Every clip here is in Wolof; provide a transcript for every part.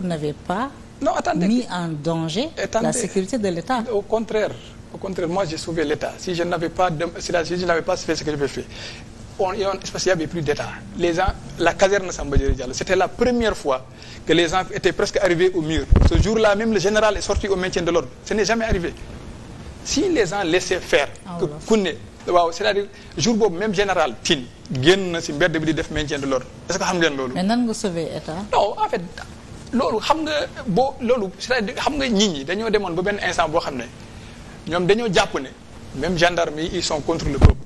vous pas non, attendez, la sécurité de l'État. Au contraire, au contraire, j'ai sauvé l'État. Si je n'avais pas, de, si je n'avais pas fait ce que j'avais fait, on, on, parce qu'il n'y avait plus d'État. Les gens, la caserne Samba Diallo, c'était la première fois que les gens étaient presque arrivés au mur. Ce jour-là, même le général est sorti au maintien de l'ordre. Ce n'est jamais arrivé. Si les gens laissaient faire, ah, que Kouné, c'est-à-dire jour boobu même général Tine génn loolu xam nga boo loolu cest à xam nga nit ñi dañoo demoon ba benn instant boo xam ne ñoom dañoo jàpp ne même gendarmes yi ils sont contre le peuple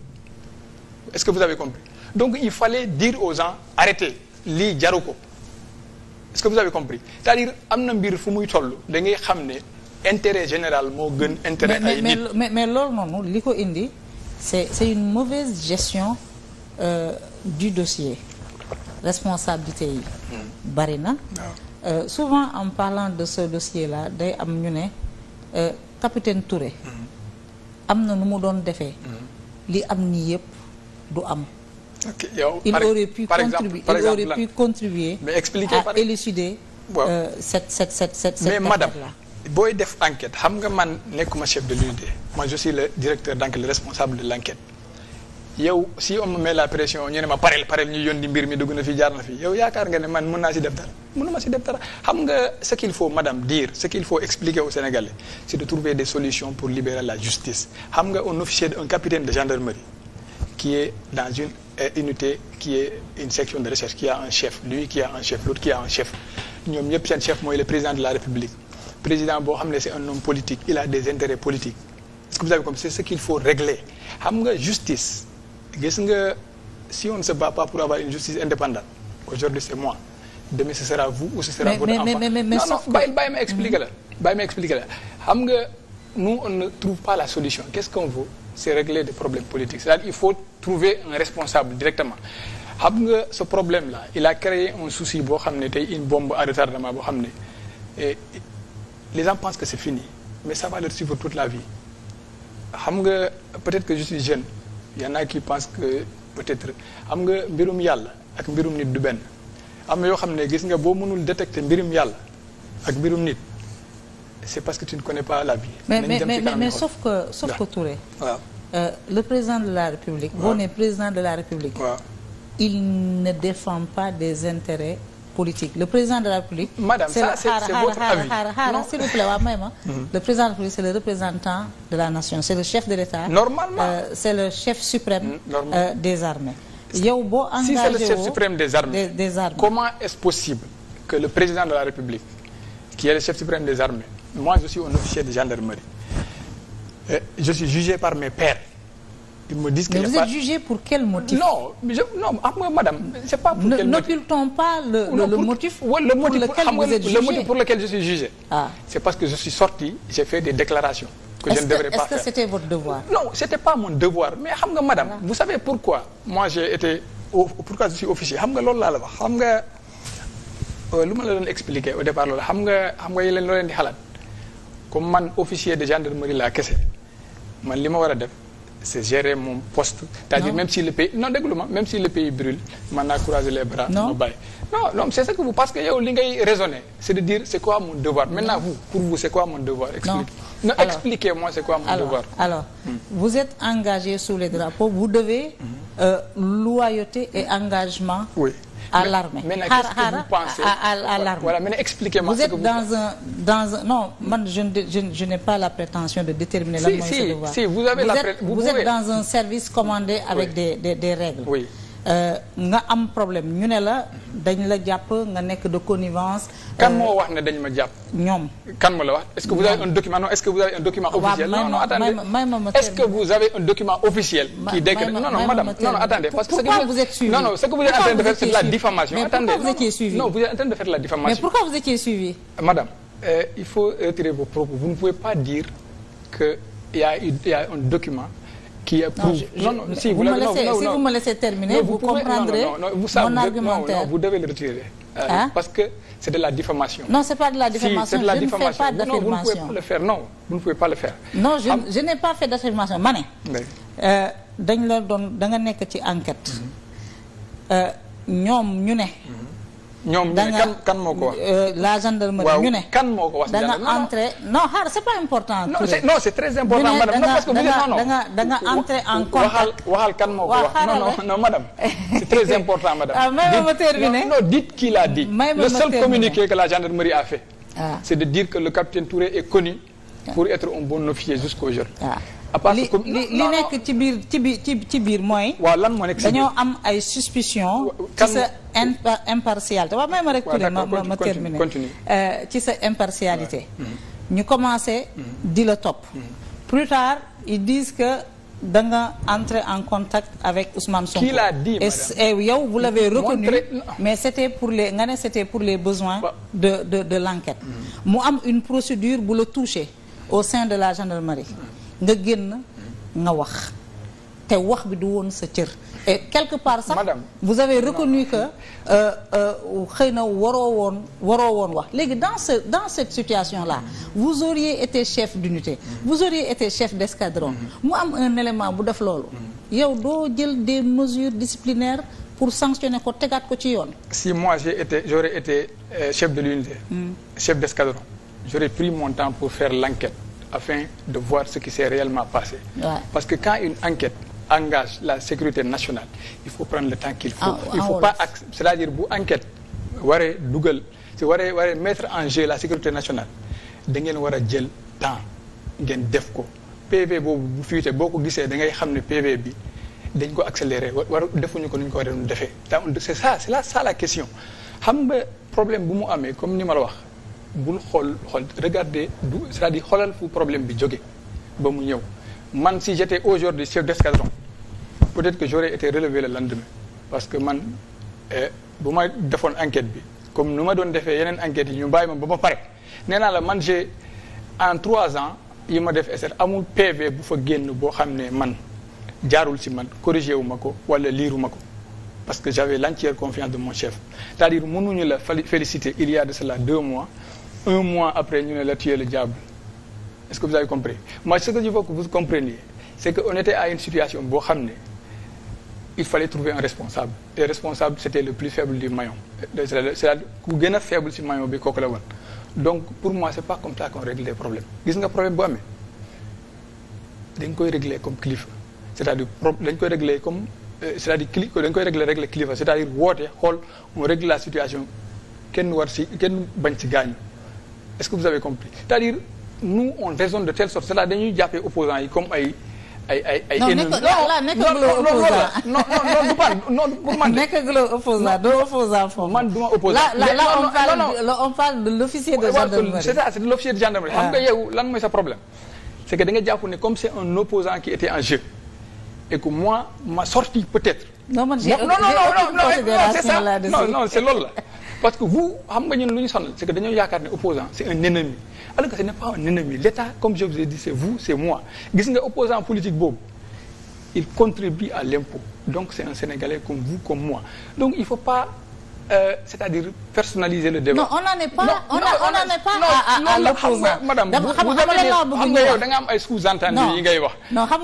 est-ce que vous avez compris donc il fallait dire aux gens arrêtez lii jaru ko est-ce que vous avez compris cest am na mbir fu muy toll da ngay xam ne intérêt général moo gën intérêt ay mais mais loolu noonu li ko indi c'est c'est une mauvaise gestion euh, du dossier responsabilité yi hmm. bari na ah. euh, souvent en parlant de ce dossier là day am ñu ne euh, capitaine Touré. Mm-hmm. am na nu mu doon defee. Mm-hmm. li am nii yëpp du am. ok yow il aurait pu contribuer il aurait pu contribuer. mais expliquer à élucider. waaw euh, cette cette cette cette mais madame booy def enquête xam nga man nekkuma chef de l'unité moi je suis le directeur d'enquête le responsable de l'enquête yow si on me met la pression ñu ne ma parel parel ñu yónni mbir mi dugg na fi jaar na fi yow yaakaar nga ne man mën naa si def dara mënuma si def dara xam nga ce qu'il faut madame dire ce qu'il faut expliquer aux Sénégalais c'est de trouver des solutions pour libérer la justice xam nga un officier un capitaine de gendarmerie qui est dans une euh, unité qui est une section de recherche qui a un chef lui qui a un chef l'autre qui a un chef ñoom ñëpp seen chef mooy l président de la République président boo xam ne c'est un il a des intérêts politiques est-ce que vous avez nga justice gis nga si on ne se bat pas pour avoir une justice indépendante aujourd'hui c'est moi demain ce sera vous ou ce sera mais, votre mais, enfant mais, mais mais non non bàyyi bàyyi ma expliquer la mhm. bàyyi ma expliquer la xam nga nous on ne trouve pas la solution qu'est-ce qu'on veut c'est régler des problèmes politiques c'est-à-dire il faut trouver un responsable directement xam nga ce problème là il a créé un souci boo xam ne tey une bombe à retardement boo xam ne les gens pensent que c'est fini mais ça va leur suivre toute la vie xam nga peut-être que je suis jeune y en qui pensent que peut-être am nga mbirum yàlla ak mbirum nit du benn am na yoo xam ne gis nga boo mënul détecter mbirum yàlla ak mbirum nit c'est parce que tu ne connais pas la vie. mais mais mais, mais, mais sauf que sauf yeah. que Touré. Euh, le président de la République. waaw boo président de la République. waaw il ne défend pas des intérêts. politique le président de la République. madame ça c'est votre avis xaaral hmm. le président représentant de la nation c'est le chef de l'État. normalement euh, c'est le chef suprême. Hmm, euh, des armées. si c'est le chef suprême des armées des comment est-ce possible que le président de la République qui est le chef suprême des armées je suis un officier de gendarmerie euh, je suis jugé par mes pairs. ils me disent que mais vous pas... êtes pour quel motif. non je, nga madame. c'est pas pour ne, quel motif n'occultons pas le, non, le, pour, motif ouais, le motif. pour lequel pour, vous êtes jugé le motif pour lequel je suis jugé. Ah. c'est parce que je suis sorti j'ai fait des déclarations. que je ne devrais pas est non c'était pas mon devoir mais xam nga madame. Ah. vous savez pourquoi. je suis officier xam nga loolu la wax xam nga euh, lu ma la doon expliquer au départ loolu xam nga xam nga yéen loo leen di xalaat comme man officier de gendarmerie laa kese man li ma war a def. c'est gérer mon poste. c'est-à-dire même si le pays non déglu ma si le pays brûle man naa croiser les bras. non ma non c'est ça que vous parce que yow li ngay raisonner c'est de dire c'est quoi mon devoir maintenant vous pour vous c'est quoi mon devoir. expliquez-moi c'est quoi mon devoir. Hmm. vous êtes engagé sous les drapeaux vous devez. Hmm. Euh, loyauté et engagement. à l'armée xaar xaar à l'armée voilà mais expliquez-moi vous êtes dans un dans un non man je ne je n'ai pas la prétention de déterminer lan mooy ce devoir si vous avez la vous êtes dans un service commandé avec des des des règles oui Euh, nga am problème ñu ne la dañ la jàpp nga nekk de connivence. kan euh, moo wax ne dañ ma jàpp. ñoom kan ma la wax est-ce que vous avez un document officiel. non non attendez est que vous avez un document officiel. qui décrit non non attendez. parce que pourquoi vous êtes suivi non non ce que vous êtes en train de mais pourquoi vous étiez suivi suivi. madame euh, il faut retirer vos propos vous ne pouvez pas dire que a il y a un document. qui approuve. non non si vous, vous me terminer. Non, vous, vous argumentaire vous devez le retirer. Euh, parce que c'est de la diffamation. non c'est pas de la diffamation si c'est de la je diffamation. ne fais pas d'affirmation non vous ne pouvez pas fait d'affirmation ma euh, dañ la doon da nga nekk ci enquête. Mhm. Euh, ñoom ñu ne. Mhm. ñoom euh, ñu ne kan moo ko wax. la gendarmerie ñu ne. kan moo ko wax da nga entrer non xaar c'est pas important. non très important madame non parce que vous êtes non da nga en contact. waxal kan moo ko wax non non non madame. c'est très important madame. Ah, may ma ma terminer non dites qui l'a dit. ma ma terminer le seul communiqué que la gendarmerie a fait. Ah. c'est de dire que le capitaine Touré est connu. pour être un bon officier jusqu'aujourd'hui. Ah. li li nekk ci biir ci biir ci biir mooy. waaw lan moo nekk dañoo am ay suspicion ci sa impartialité waaw may ma rek. waaw ma ma terminer euh, ci sa impartialité. Mm-hmm. ñu commencé. Mm-hmm. di la topp. Mm-hmm. plus tard ils disent que. da nga entrer en contact avec Ousmane Sonko. qui l'a dit madame et eh, yow vous l'avez reconnu mais c'était pour les nga ne c'était pour les besoins. de de de l'enquête. mu am une procédure bu la toucher au sein de la gendarmerie. nga génn nga wax te wax bi du woon sa cër et quelque part sax madame vous avez reconnu que euh, euh, xëy na waroo woon waroo woon wax léegi dans ce dans cette situation la vous auriez été chef d'unité vous auriez été chef d'escadron mu am un élément bu def loolu yow doo jël des mesures disciplinaires pour sanctionner ko tegaat ko ci yoon si moi j'ai été j'aurais été euh, chef de l'unité mm. chef d'escadron j'aurais pris mon temps pour faire l'enquête afin de voir ce qui s'est réellement passé. Parce que quand une enquête engage la sécurité nationale il faut prendre le temps qu'il faut. Ah, il ah, faut oh pas ac c'est-à-dire bu enquête waree dugal si waree waree mettre en jeu la sécurité nationale da ngeen war a jël temps ngeen def ko PV boobu bu fuite boo ko gisee da ngay xam ne PV bi dañ ko accéléré war defuñu ko ni ko war a defee. c'est ça c'est là ça la question xam nga problème bu mu amee comme ni ma la wax. bul xool xool regarder du c'est-à-dire xoolal fu problème bi jóge ba mu ñëw man si j'étais aujourd'hui chef d'escadron peut-être que j'aurais été relevé le lendemain parce que man eh, bu ma defoon enquête bi comme nu ma doon defee yeneen enquêtes yi ñu bàyyi ma ba ma pare nee naa la man j'ai en trois ans yi ma def SR amul PV bu fa génn boo xam ne man jaarul si man corrigé wu ma ko wala liiruma ko parce que j'avais l'entière confiance de mon chef c'est-à-dire mënuñu la féliciter il y a de cela deux mois un mois après ñu ne la tuer le diable est-ce que vous avez compris moi ce que je veux que vous compreniez c'est que on était une situation boo xam ne il fallait trouver un responsable te responsable c'était le plus faible du maillon c'est-à-dire ku gën a faible ci maillon bi kooku la woon donc pour moi c'est pas comme ça qu'on règle les problèmes gis nga problème bu amee dañ koy régle comme kilifa c'est-à-dire dañ koy régler comme cest euh, à dañ koy régler régler kilifa c'est-à-dire xool on la situation kenn war ci kenn bañ ci gaañu est-ce que vous avez compris c'est-à-dire nous on raisonne de telle sorte c'est-à-dire dañuy jàppee opposants yi comme ay ay ay ay ennemis non non non du pas non pour man nekkaguloo opposant doo opposant foofu man du ma opposant là là on parle on parle de l'officier de gendarmerie c'est ça c'est de l'officier de gendarmerie xam nga ah. yow lan mooy sa problème c'est que da nga jàpp ne comme c'est un opposant qui était en jeu et que moi ma sortie peut-être non man j'ai non non non c'est ça non non c'est loolu la parce que vous xam nga ñun lu ñu sonal c'est que dañoo yaakaar ne opposant c'est un ennemi alors que ce pas un ennemi l'État comme je vous ai dit c'est vous c'est moi gis nga opposant politique boobu il contribue à l'impôt donc c'est un Sénégalais comme vous comme moi donc il faut pas Euh, c'est-à-dire personnaliser le débat. non on n'en est pas a n'en est pas à à madame xam nga wax. non xam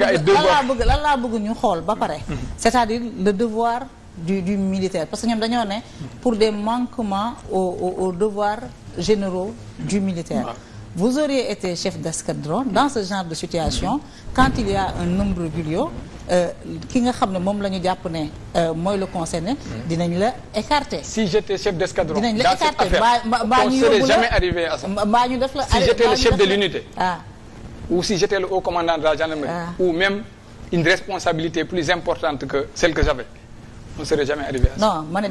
nga lan bëgg lan laa bëgg ñu xool ba pare. Mhm. c'est-à-dire le devoir. du du militaire parce que ñoom dañoo ne pour des manquements au aux, aux devoirs généraux du militaire. vous auriez été chef d'escadron dans ce genre de situation quand il y a un nombre glio euh, ki nga xam ne moom la ñu jàpp ne euh, mooy le concerné dinañ la écarter. si j'étais chef d'escadron dinañ la écarter mbaa ñu yóbbu la mbaa ñu def la si j'étais le chef de l'unité ah. ou si j'étais le haut commandant de la gendarmerie ah. ou même une responsabilité plus importante que celle que j'avais on serait jamais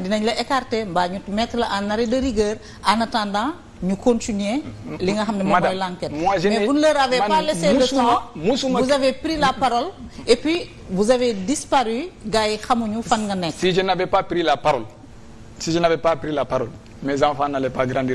dinañ la écarter mbaa ñu mettre la en arrêt de rigueur en attendant ñu continuer li nga xam ne moom mooy mais vous ne leur avez pas laissé le temps vous avez pris la parole et puis vous avez disparu gars yi xamuñu fan nga nekk si je n'avais pas pris la parole si je n'avais pas pris la parole mes enfants n'allaient pas grandir